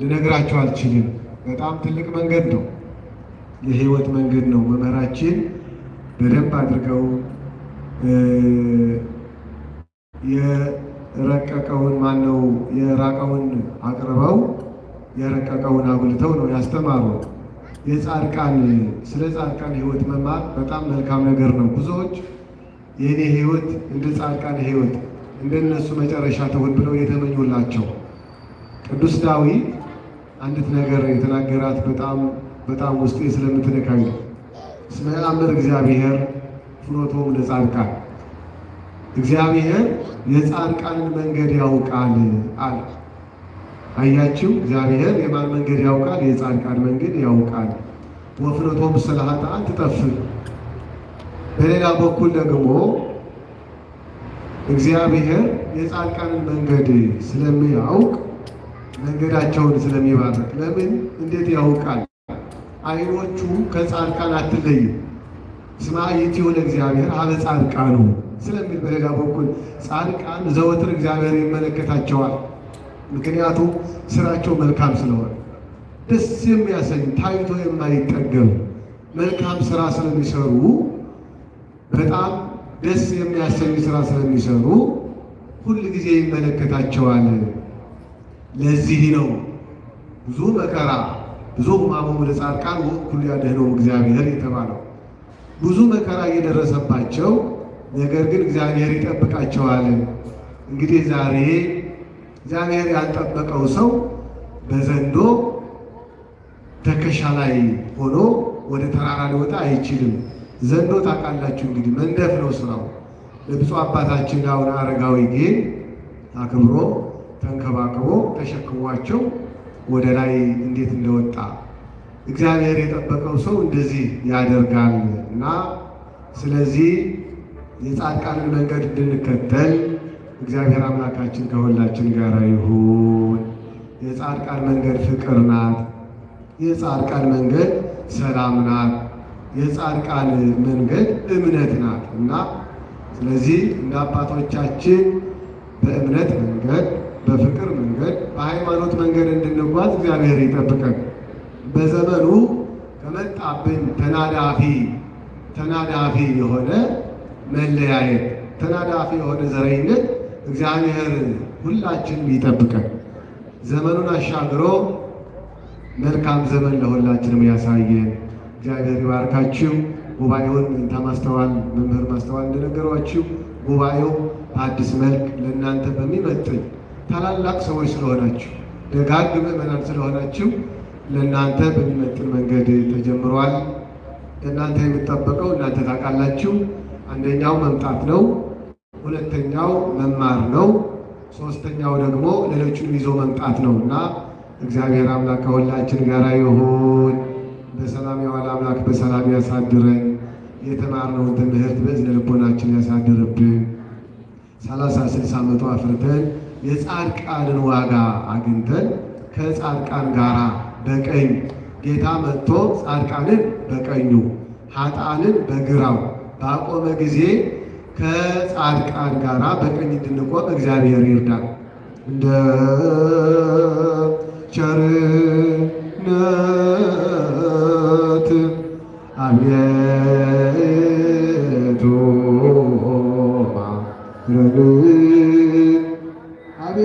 ልነግራችሁ አልችልም። በጣም ትልቅ መንገድ ነው፣ የህይወት መንገድ ነው። መምህራችን በደንብ አድርገው የረቀቀውን ነው የራቀውን አቅርበው የረቀቀውን አጉልተው ነው ያስተማሩ። የጻድቃን ስለ ጻድቃን ህይወት መማር በጣም መልካም ነገር ነው። ብዙዎች የእኔ ህይወት እንደ ጻድቃን ህይወት እንደነሱ መጨረሻ ትሁን ብለው የተመኙላቸው ቅዱስ ዳዊት አንዲት ነገር የተናገራት በጣም በጣም ውስጤ ስለምትነካኝ ነው። እስመ ያአምር እግዚአብሔር ፍኖቶሙ ለጻድቃን እግዚአብሔር የጻድቃንን መንገድ ያውቃል አለ። አያችሁ፣ እግዚአብሔር የማን መንገድ ያውቃል? የጻድቃን መንገድ ያውቃል። ወፍኖቶሙ ለኃጥአን ትጠፍእ። በሌላ በኩል ደግሞ እግዚአብሔር የጻድቃንን መንገድ ስለሚያውቅ መንገዳቸውን ስለሚባርክ ለምን እንዴት ያውቃል? አይኖቹ ከጻድቃን አትለይም። ስማ ይእትይሁነ እግዚአብሔር አበ ጻድቃኑ ስለሚል በሌላ በኩል ጻድቃን ዘወትር እግዚአብሔር ይመለከታቸዋል። ምክንያቱም ስራቸው መልካም ስለሆነ ደስ የሚያሰኝ ታይቶ የማይጠገም መልካም ስራ ስለሚሰሩ በጣም ደስ የሚያሰኝ ስራ ስለሚሰሩ ሁል ጊዜ ይመለከታቸዋል። ለዚህ ነው ብዙ መከራ ብዙ ሕማሙ ለጻድቃን ወእኩሉ ያድኅኖሙ እግዚአብሔር የተባለው። ብዙ መከራ እየደረሰባቸው ነገር ግን እግዚአብሔር ይጠብቃቸዋል። እንግዲህ ዛሬ እግዚአብሔር ያልጠበቀው ሰው በዘንዶ ትከሻ ላይ ሆኖ ወደ ተራራ ሊወጣ አይችልም። ዘንዶ ታውቃላችሁ እንግዲህ መንደፍ ነው ስራው። ለብፁዕ አባታችን አቡነ አረጋዊ ግን አክብሮ ተንከባክቦ ተሸክሟቸው ወደ ላይ እንዴት እንደወጣ እግዚአብሔር የጠበቀው ሰው እንደዚህ ያደርጋል እና ስለዚህ የጻድቃንን መንገድ እንድንከተል እግዚአብሔር አምላካችን ከሁላችን ጋር ይሁን። የጻድቃን መንገድ ፍቅር ናት። የጻድቃን መንገድ ሰላም ናት። የጻድቃን መንገድ እምነት ናት እና ስለዚህ እንደ አባቶቻችን በእምነት መንገድ በፍቅር መንገድ በሃይማኖት መንገድ እንድንጓዝ እግዚአብሔር ይጠብቀን። በዘመኑ ከመጣብን ተናዳፊ ተናዳፊ የሆነ መለያየት፣ ተናዳፊ የሆነ ዘረኝነት እግዚአብሔር ሁላችንም ይጠብቀን። ዘመኑን አሻግሮ መልካም ዘመን ለሁላችንም ያሳየን። እግዚአብሔር ይባርካችሁ። ጉባኤውን ማስተዋል መምህር ማስተዋል እንደነገሯችሁ ጉባኤው በአዲስ መልክ ለእናንተ በሚመጥን ታላላቅ ሰዎች ስለሆናችሁ ደጋግ ምዕመናን ስለሆናችሁ ለእናንተ በሚመጥን መንገድ ተጀምሯል። እናንተ የሚጠበቀው እናንተ ታውቃላችሁ። አንደኛው መምጣት ነው። ሁለተኛው መማር ነው። ሶስተኛው ደግሞ ሌሎቹን ይዞ መምጣት ነው እና እግዚአብሔር አምላክ ከሁላችን ጋር ይሁን። በሰላም የዋለ አምላክ በሰላም ያሳድረን። የተማርነውን ትምህርት በእዝነ ልቦናችን ያሳድርብን። ሰላሳ ስልሳ መቶ አፍርተን የጻድቃንን ዋጋ አግኝተን ከጻድቃን ጋር በቀኝ ጌታ መጥቶ ጻድቃንን በቀኙ ኃጥአንን በግራው ባቆመ ጊዜ ከጻድቃን ጋራ በቀኝ እንድንቆም እግዚአብሔር ይርዳል። እንደ ቸርነት አብየቱ ማረን เว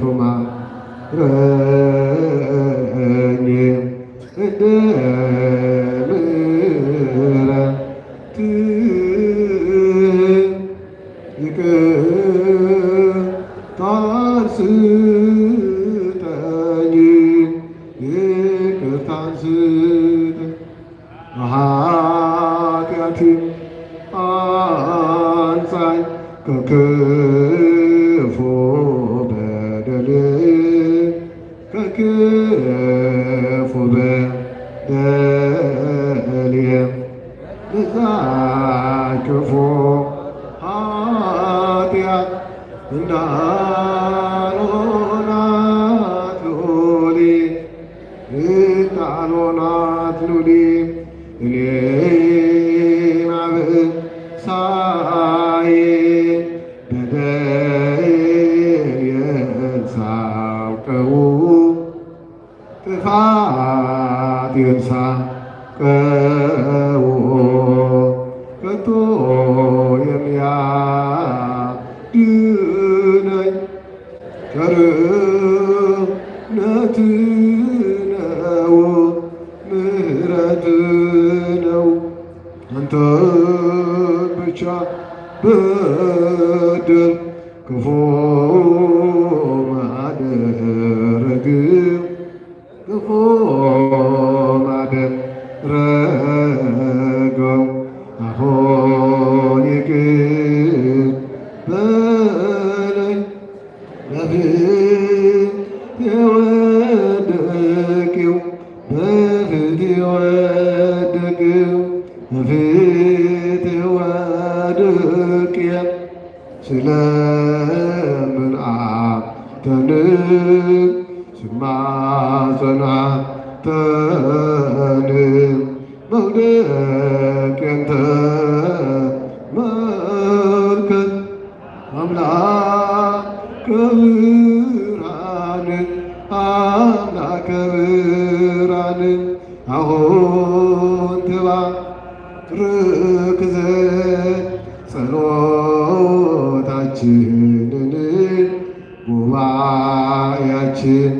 ทุมาเร ክፉ ኃጢአት እንዳልሆናት ኑሪ እንዳልሆናት እኔን ከቶ የሚያድነኝ ቸርነት ነው ምሕረት ነው አንተ ብቻ በደል ክፉ ማደረግ ክፉ ማደረገው አሁን ይቅር በለኝ በፊት የወደቅው በፊት የወደቅው በፊት የወደቅ ስለምን አንተን ስማጸናተን በውዴቅ ንተ መልከት አምላከ ብርሃን አምላከ ብርሃን አሁን ትባርክ ጸሎታችንን ጉባኤያችን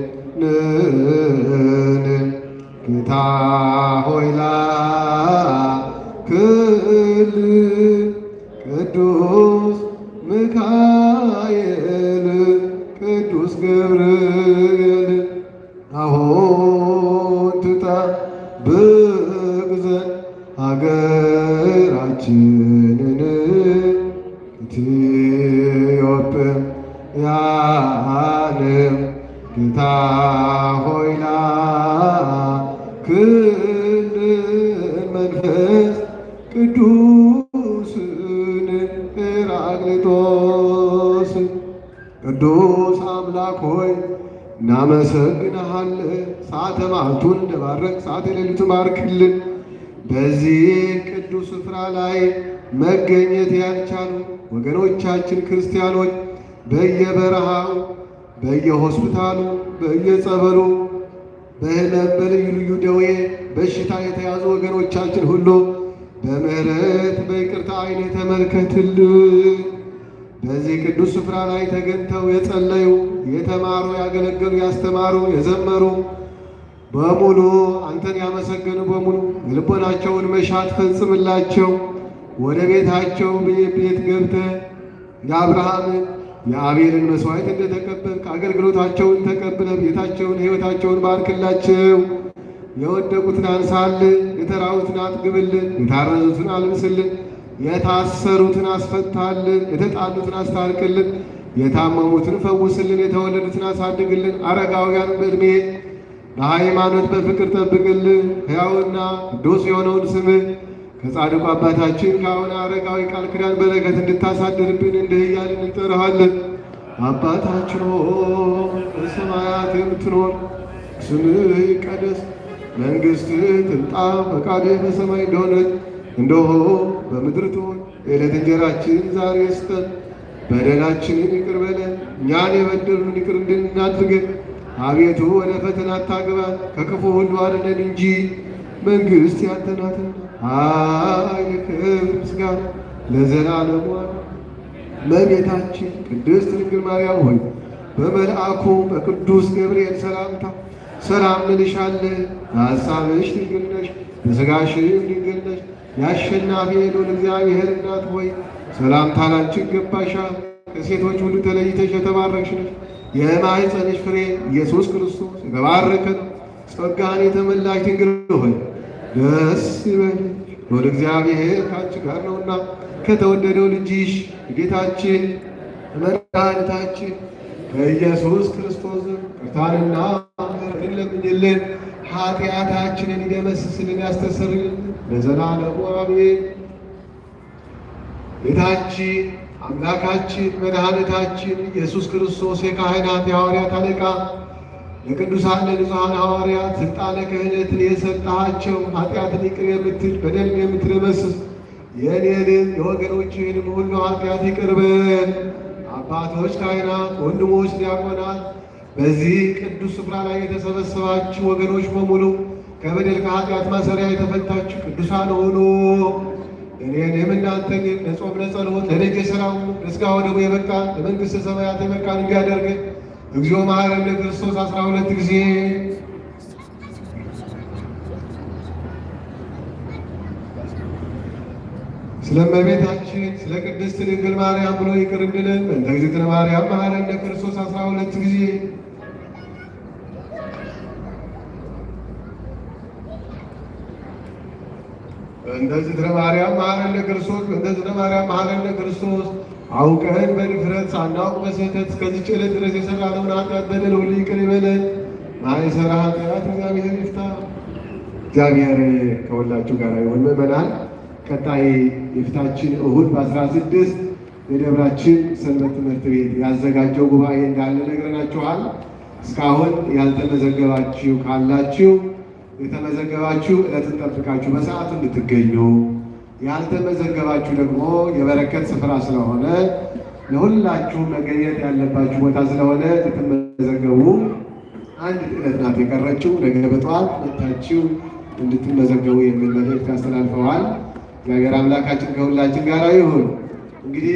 አሁን ትጠብቅ ዘንድ ሀገራችንን ኢትዮጵያንም ጌታ ሆይና ክንድ መንፈስ ቅዱስን ጰራቅሊጦስን ቅዱስ አምላክ ሆይ እናመሰግንሃል። ሰዓተ ማዕቱን እንደባረቅ ሰዓተ ሌሊቱ ባርክልን። በዚህ ቅዱስ ስፍራ ላይ መገኘት ያልቻሉ ወገኖቻችን ክርስቲያኖች በየበረሃው፣ በየሆስፒታሉ፣ በየጸበሉ በህመም በልዩ ልዩ ደዌ በሽታ የተያዙ ወገኖቻችን ሁሉ በምሕረት በይቅርታ ዓይን የተመልከትልን በዚህ ቅዱስ ስፍራ ላይ ተገኝተው የጸለዩ፣ የተማሩ፣ ያገለገሉ፣ ያስተማሩ፣ የዘመሩ በሙሉ አንተን ያመሰገኑ በሙሉ የልቦናቸውን መሻት ፈጽምላቸው። ወደ ቤታቸው ቤት ገብተ የአብርሃምን የአቤልን መስዋዕት እንደተቀበልክ አገልግሎታቸውን ተቀብለ ቤታቸውን ሕይወታቸውን ባርክላቸው። የወደቁትን አንሳልን፣ የተራቡትን አጥግብልን፣ የታረዙትን አልብስልን የታሰሩትን አስፈታልን፣ የተጣሉትን አስታርቅልን፣ የታመሙትን ፈውስልን፣ የተወለዱትን አሳድግልን፣ አረጋውያን በእድሜ በሃይማኖት በፍቅር ጠብቅልን። ሕያውና ቅዱስ የሆነውን ስምህ ከጻድቁ አባታችን ከአሁን አረጋዊ ቃል ክዳን በረከት እንድታሳድርብን እንዲህ እያልን እንጠራሃለን። አባታችን ሆይ በሰማያት የምትኖር ስምህ ይቀደስ፣ መንግሥትህ ትምጣ፣ ፈቃድህ በሰማይ እንደሆነች እንደሆ በምድር ትሆን የዕለት እንጀራችንን ዛሬ ስጠን፣ በደላችንን ይቅር በለን እኛን የበደሉንን ይቅር እንድናድርገን፣ አቤቱ ወደ ፈተና አታግባን ከክፉ ሁሉ አድነን እንጂ መንግሥት ያንተ ናትና ኃይል፣ ክብር፣ ምስጋና ለዘላለሙ። እመቤታችን ቅድስት ድንግል ማርያም ሆይ በመልአኩ በቅዱስ ገብርኤል ሰላምታ ሰላም እንልሻለን። በሐሳብሽ ድንግል ነሽ፣ በሥጋሽም ድንግል ነሽ የአሸናፊ የልዑል እግዚአብሔር እናት ሆይ ሰላምታ ላንቺ ይገባሻል። ከሴቶች ሁሉ ተለይተሽ የተባረክሽ ነሽ። የማኅፀንሽ ፍሬ ኢየሱስ ክርስቶስ የተባረከ ነው። ጸጋን የተመላሽ ድንግል ሆይ ደስ ይበልሽ፣ ልዑል እግዚአብሔር ከአንቺ ጋር ነውና ከተወደደው ልጅሽ ጌታችን መድኃኒታችን ከኢየሱስ ክርስቶስ ቅርታንና ምሕረትን ለምኝልን ኃጢአታችንን ይደመስስልን ያስተሰርልን ለዘላለሙ አሜን። ጌታችን አምላካችን መድኃኒታችን ኢየሱስ ክርስቶስ የካህናት የሐዋርያት አለቃ ለቅዱሳን ለንጹሐን ሐዋርያት ስልጣነ ክህነትን የሰጠሃቸው ኃጢአትን ይቅር የምትል በደልም የምትደመስስ የእኔንም የወገኖችህንም ሁሉ ኃጢአት ይቅርበን አባቶች ካህናት፣ ወንድሞች ዲያቆናት በዚህ ቅዱስ ስፍራ ላይ የተሰበሰባችሁ ወገኖች በሙሉ ከበደል ከኃጢአት ማሰሪያ የተፈታችሁ ቅዱሳን ሆኖ እኔንም እናንተን ለጾም ለጸሎት ለደጀ ሥራው ለስጋ ወደሙ የበቃን ለመንግሥተ ሰማያት የበቃን እንዲያደርግ እግዚኦ መሐረነ ክርስቶስ አስራ ሁለት ጊዜ ስለ እመቤታችን ስለ ቅድስት ድንግል ማርያም ብሎ ይቅር እንድለን እንተ እግዝእትነ ማርያም መሐረነ ክርስቶስ አስራ ሁለት ጊዜ እንደ ዝክረ ማርያም መሐረነ ክርስቶስ እንደ ዝክረ ማርያም መሐረነ ክርስቶስ አውቀን በድፍረት ሳናውቅ በስህተት እስከዚች ዕለት ድረስ የሰራነውን ኃጢአት በደል ሁሉ ይቅር ይበለን። ማይሰራ ኃጢአት እግዚአብሔር ይፍታ። እግዚአብሔር ከሁላችሁ ጋር ይሁን። ምእመናን ቀጣይ የፊታችን እሁድ በአስራ ስድስት የደብራችን ሰንበት ትምህርት ቤት ያዘጋጀው ጉባኤ እንዳለ ነግረናችኋል። እስካሁን ያልተመዘገባችሁ ካላችሁ የተመዘገባችሁ ዕለትን ጠብቃችሁ በሰዓቱ እንድትገኙ፣ ያልተመዘገባችሁ ደግሞ የበረከት ስፍራ ስለሆነ ለሁላችሁ መገኘት ያለባችሁ ቦታ ስለሆነ እንድትመዘገቡ አንድ ዕለት ናት የቀረችው። ነገ በጠዋት መታችሁ እንድትመዘገቡ የሚል መልእክት ያስተላልፈዋል። እግዚአብሔር አምላካችን ከሁላችን ጋር ይሁን። እንግዲህ